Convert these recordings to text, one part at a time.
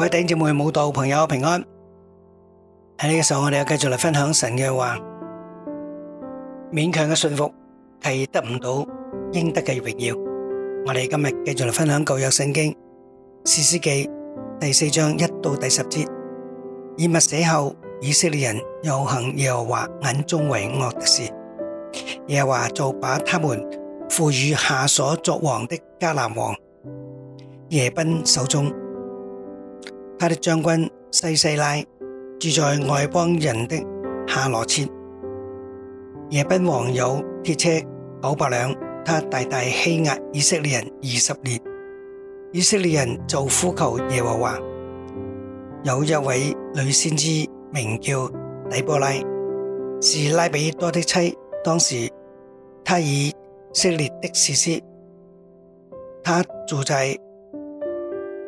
各位弟兄姊妹、慕道朋友平安，喺呢個時候我哋要繼續嚟分享神嘅話，勉強嘅信服係得唔到應得嘅榮耀。我哋今日繼續嚟分享舊約聖經士師記第四章一到第十節，以笏死後，以色列人又行耶和華眼中為惡的事，耶和華就把他們付與夏瑣作王的迦南王耶賓手中。他的將軍西西拉住在外邦人的夏羅設，耶賓王有鐵車九百輛，他大大欺壓以色列人二十年，以色列人就呼求耶和華。有一位女先知名叫底波拉，是拉比多的妻，當時他以以色列的士師，他住在。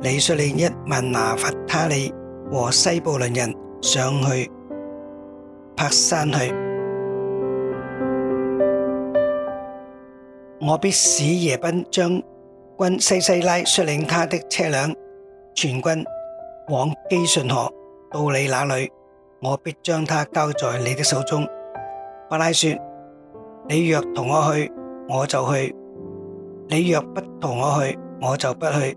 你率領一萬拿弗他利和西布倫人上去拍山去，我必使耶賓將軍西西拉率領他的車輛全軍往基順河到你那裏，我必將他交在你的手中。巴拉說：你若同我去，我就去；你若不同我去，我就不去。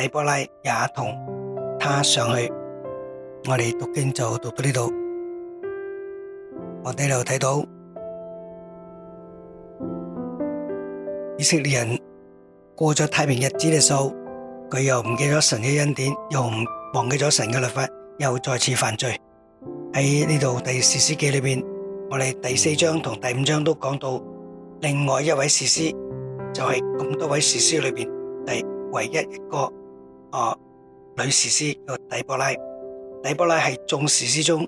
底波拉也同他上去，我哋讀經就讀到呢度。我喺度睇到以色列人過咗太平日子嘅時候，佢又唔記咗神嘅恩典，又唔忘記咗神嘅律法，又再次犯罪。喺呢度，第士師記裏邊，我哋第四章同第五章都講到另外一位士師，就係咁多位士師裏邊第唯一一個。啊、呃，女士師叫底波拉，底波拉係眾士師中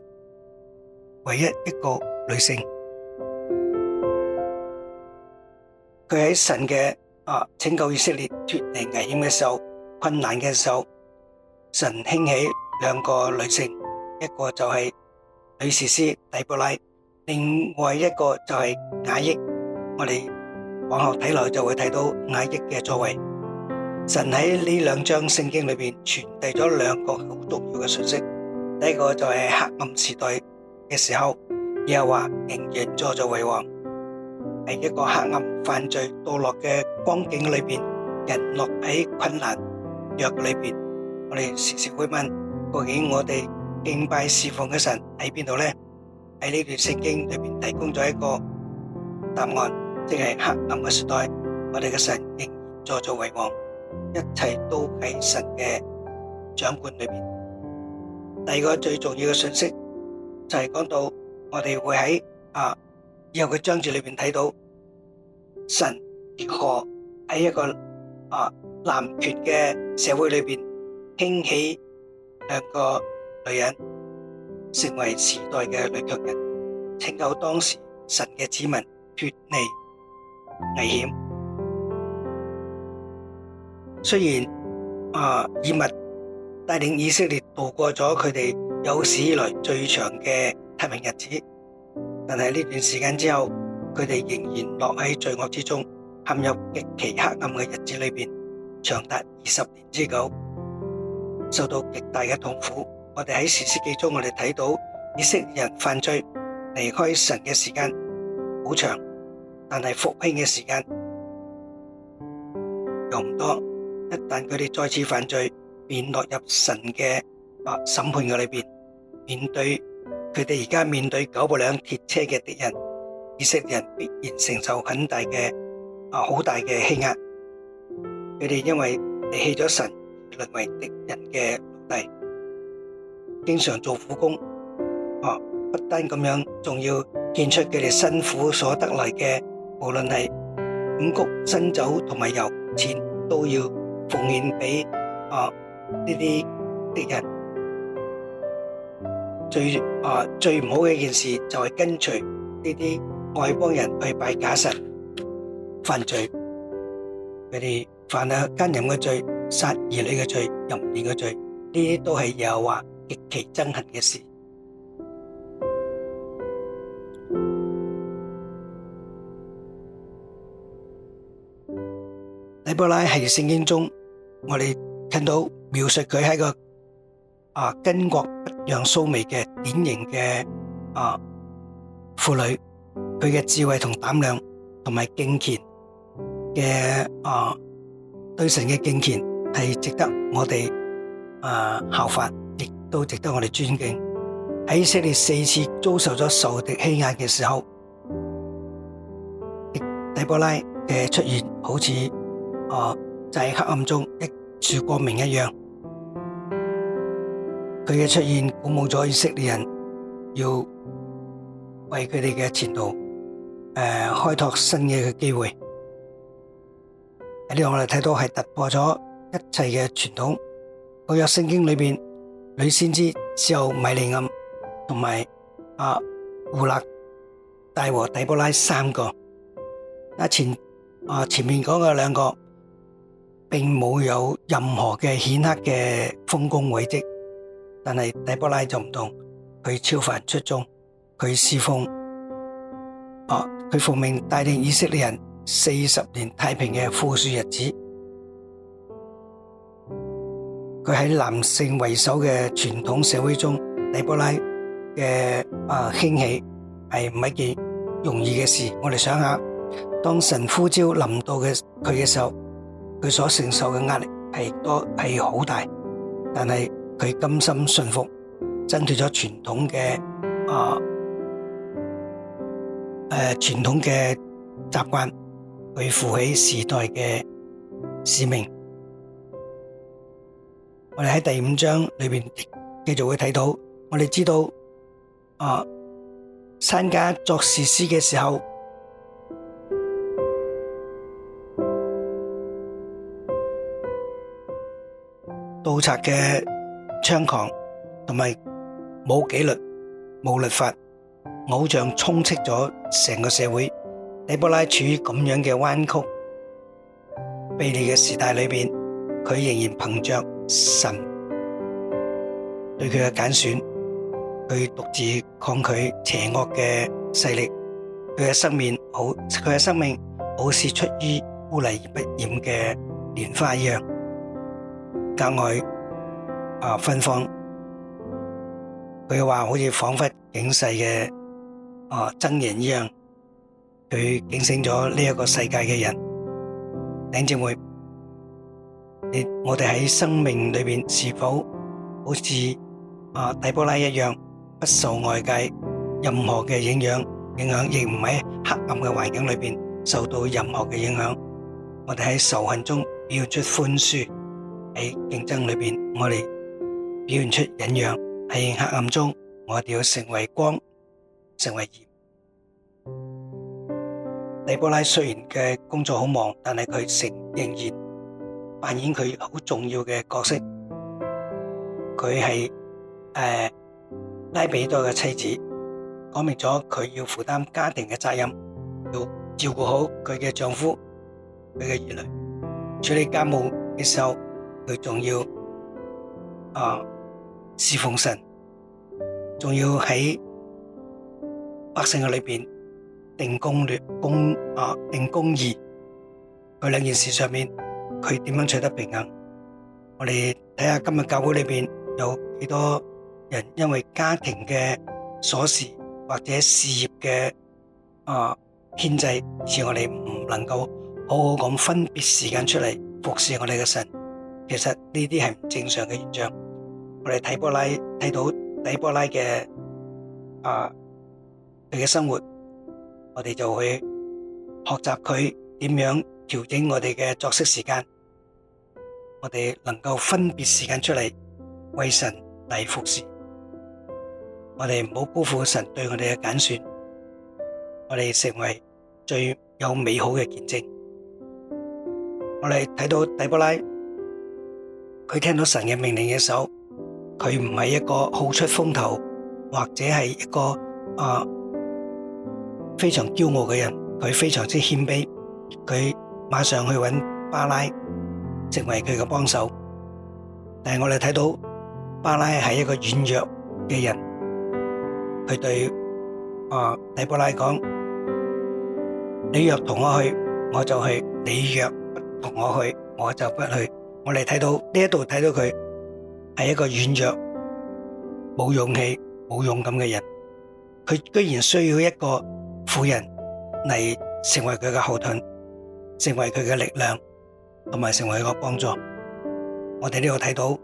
唯一一個女性。佢喺神嘅啊拯救以色列脫離危險嘅時候，困難嘅時候，神興起兩個女性，一個就係女士師底波拉，另外一個就係雅億。我哋往後睇來就會睇到雅億嘅作為。神喺呢兩章聖經裏邊傳遞咗兩個好重要嘅訊息，第一個就係黑暗時代嘅時候，又話仍然坐著為王，喺一個黑暗、犯罪、墮落嘅光景裏邊，人落喺困難、弱裏邊，我哋時時會問：究竟我哋敬拜侍奉嘅神喺邊度呢？喺呢段聖經裏邊提供咗一個答案，即係黑暗嘅時代，我哋嘅神仍然坐著為王。一切都喺神嘅掌管裏邊。第二個最重要嘅信息就係、是、講到我哋會喺啊以後嘅章節裏邊睇到神如何喺一個，一個啊男權嘅社會裏邊興起兩個女人成為時代嘅女強人，拯救當時神嘅子民脫離危險。雖然啊，以物帶領以色列度過咗佢哋有史以來最長嘅太平日子，但係呢段時間之後，佢哋仍然落喺罪惡之中，陷入極其黑暗嘅日子裏邊，長達二十年之久，受到極大嘅痛苦。我哋喺士師記中，我哋睇到以色列人犯罪離開神嘅時間好長，但係復興嘅時間又唔多。一旦佢哋再次犯罪，便落入神嘅啊審判嘅裏邊。面對佢哋而家面對九百輛鐵車嘅敵人以色列人，必然承受很大嘅啊好大嘅欺壓。佢哋因為離棄咗神，淪為敵人嘅奴隸，經常做苦工。哦，不單咁樣，仲要見出佢哋辛苦所得嚟嘅，無論係五穀、新酒同埋油錢，都要。奉獻俾啊呢啲敵人，最啊最唔好嘅一件事就係跟隨呢啲外邦人去拜假神，犯罪，佢哋犯咗奸淫嘅罪、殺兒女嘅罪、淫亂嘅罪，呢啲都係又話極其憎恨嘅事。底波拉喺聖經中我哋聽到描述佢喺個啊巾幗不讓鬚眉嘅典型嘅啊婦女，佢嘅智慧同膽量，同埋敬虔嘅啊對神嘅敬虔係值得我哋啊效法，亦都值得我哋尊敬。喺以色列四次遭受咗仇敵欺壓嘅時候，底波拉嘅出現好似。哦、啊，就喺、是、黑暗中一柱光明一樣，佢嘅出現鼓舞咗以色列人，要為佢哋嘅前途誒、啊、開拓新嘢嘅機會。喺呢個我哋睇到係突破咗一切嘅傳統。舊約聖經裏邊女先知只有米利暗同埋啊胡勒大和底波拉三個。那前啊前面講嘅兩個。並冇有任何嘅顯赫嘅豐功偉績，但係底波拉就唔同，佢超凡出眾，佢侍奉，啊，佢奉命帶領以色列人四十年太平嘅富庶日子。佢喺男性為首嘅傳統社會中，底波拉嘅啊興起係唔係一件容易嘅事。我哋想下，當神呼召臨到嘅佢嘅時候。佢所承受嘅壓力係多係好大，但係佢甘心信服，掙脫咗傳統嘅啊誒、啊、傳統嘅習慣，去負起時代嘅使命。我哋喺第五章裏邊繼續會睇到，我哋知道啊，珊迦作士師嘅時候。盜賊嘅猖狂同埋冇紀律、冇律法，偶像充斥咗成個社會。尼波拉處於咁樣嘅彎曲、卑劣嘅時代裡面，佢仍然憑着神對佢嘅揀選，佢獨自抗拒邪惡嘅勢力。佢嘅生命好，佢嘅生命好似出於污泥而不染嘅蓮花一樣，格外啊芬芳，佢話好似仿佛警世嘅啊箴言一樣，佢警醒咗呢一個世界嘅人。梁姊妹，你我哋喺生命裏邊是否好似啊底波拉一樣，不受外界任何嘅影響影響，亦唔喺黑暗嘅環境裏邊受到任何嘅影響？我哋喺仇恨中表現出寬恕。喺競爭裏面，我哋表現出忍讓；喺黑暗中，我哋要成為光，成為鹽。尼波拉雖然嘅工作好忙，但係佢仍仍然扮演佢好重要嘅角色。佢係誒拉比多嘅妻子，講明咗佢要負擔家庭嘅責任，要照顧好佢嘅丈夫、佢嘅兒女，處理家務嘅時候。佢仲要啊侍奉神，仲要喺百姓嘅裏邊定公律公啊定公義，佢兩件事上面佢點樣取得平衡？我哋睇下今日教會裏邊有幾多人因為家庭嘅瑣事或者事業嘅啊牽制，使我哋唔能夠好好咁分別時間出嚟服侍我哋嘅神。其實呢啲係唔正常嘅現象。我哋睇波拉睇到底波拉嘅啊，佢嘅生活，我哋就會學習佢點樣調整我哋嘅作息時間。我哋能夠分別時間出嚟為神嚟服事。我哋唔好辜負神對我哋嘅揀選，我哋成為最有美好嘅見證。我哋睇到底波拉。佢聽到神嘅命令嘅時候，佢唔係一個好出風頭，或者係一個啊非常驕傲嘅人，佢非常之謙卑，佢馬上去搵巴拉成為佢嘅幫手。但係我哋睇到巴拉係一個軟弱嘅人，佢對啊底波拉講：你若同我去，我就去；你若唔同我去，我就不去。我哋睇到呢一度睇到佢係一個軟弱、冇勇氣、冇勇敢嘅人，佢居然需要一個婦人嚟，成為佢嘅後盾，成為佢嘅力量，同埋成為佢嘅幫助。我哋呢度睇到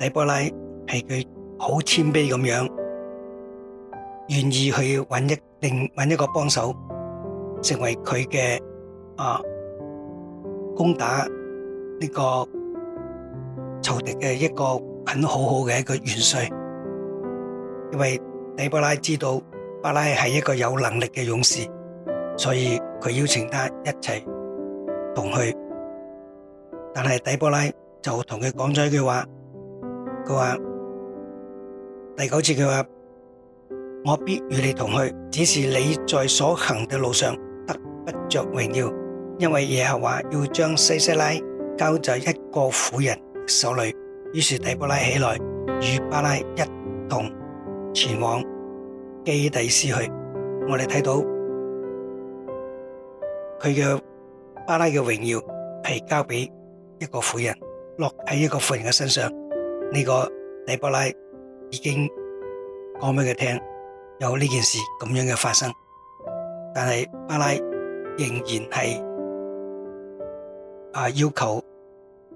底波拉係佢好謙卑咁樣，願意去揾一另揾一個幫手，成為佢嘅啊攻打。呢個朝代嘅一個很好好嘅一個元帥，因為底波拉知道巴拉係一個有能力嘅勇士，所以佢邀請他一齊同去。但係底波拉就同佢講咗一句話，佢話第九次，佢話我必與你同去，只是你在所行嘅路上得不着榮耀，因為耶和華要將西西拉，交在一個婦人手裏，於是底波拉起來與巴拉一同前往基底斯去。我哋睇到佢嘅巴拉嘅榮耀係交俾一個婦人，落喺一個婦人嘅身上。呢個底波拉已經講俾佢聽有呢件事咁樣嘅發生，但係巴拉仍然係啊要求，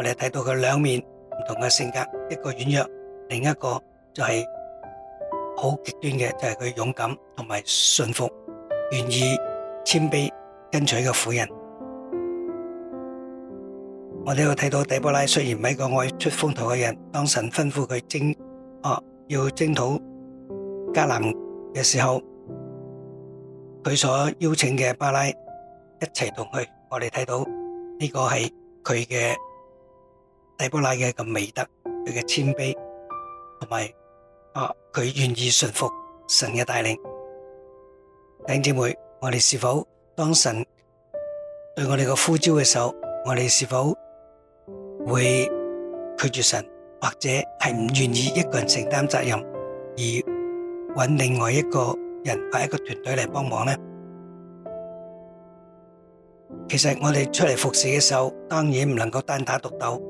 我哋睇到佢兩面唔同嘅性格，一個軟弱，另一個就係好極端嘅，就係佢勇敢同埋順服，願意謙卑跟隨嘅婦人。我哋又睇到底波拉雖然唔係一個愛出風頭嘅人，當神吩咐佢征哦，要征討迦南嘅時候，佢所邀請嘅巴拉一齊同佢。我哋睇到呢個係佢嘅。底波拉嘅一個美德，佢嘅謙卑，同埋啊，佢願意順服神嘅帶領。弟兄姊妹，我哋是否當神對我哋個呼召嘅時候，我哋是否會拒絕神，或者係唔願意一個人承擔責任，而揾另外一個人或者一個團隊嚟幫忙呢？其實我哋出嚟服事嘅時候，當然唔能夠單打獨鬥。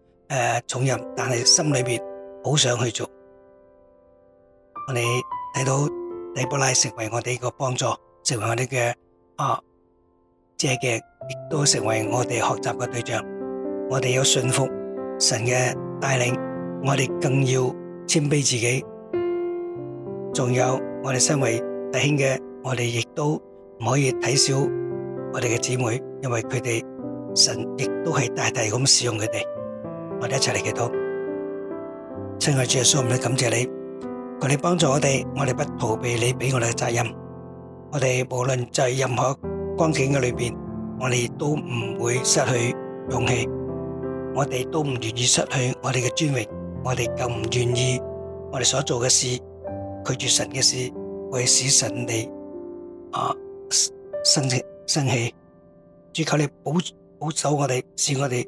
誒，重任，但係心裏邊好想去做。我哋睇到底波拉成為我哋個幫助，成為我哋嘅啊借鏡，亦都成為我哋學習嘅對象。我哋要信服神嘅帶領，我哋更要謙卑自己。仲有我哋身為弟兄嘅，我哋亦都唔可以睇小我哋嘅姊妹，因為佢哋神亦都係大大咁使用佢哋。我哋一齊嚟祈禱，親愛主耶穌，我哋感謝你，求你幫助我哋，我哋不逃避你俾我哋嘅責任，我哋無論在任何光景嘅裏面，我哋都唔會失去勇氣，我哋都唔願意失去我哋嘅尊榮，我哋更唔願意我哋所做嘅事拒絕神嘅事，為使神你啊生氣生氣，主求你保保守我哋，使我哋。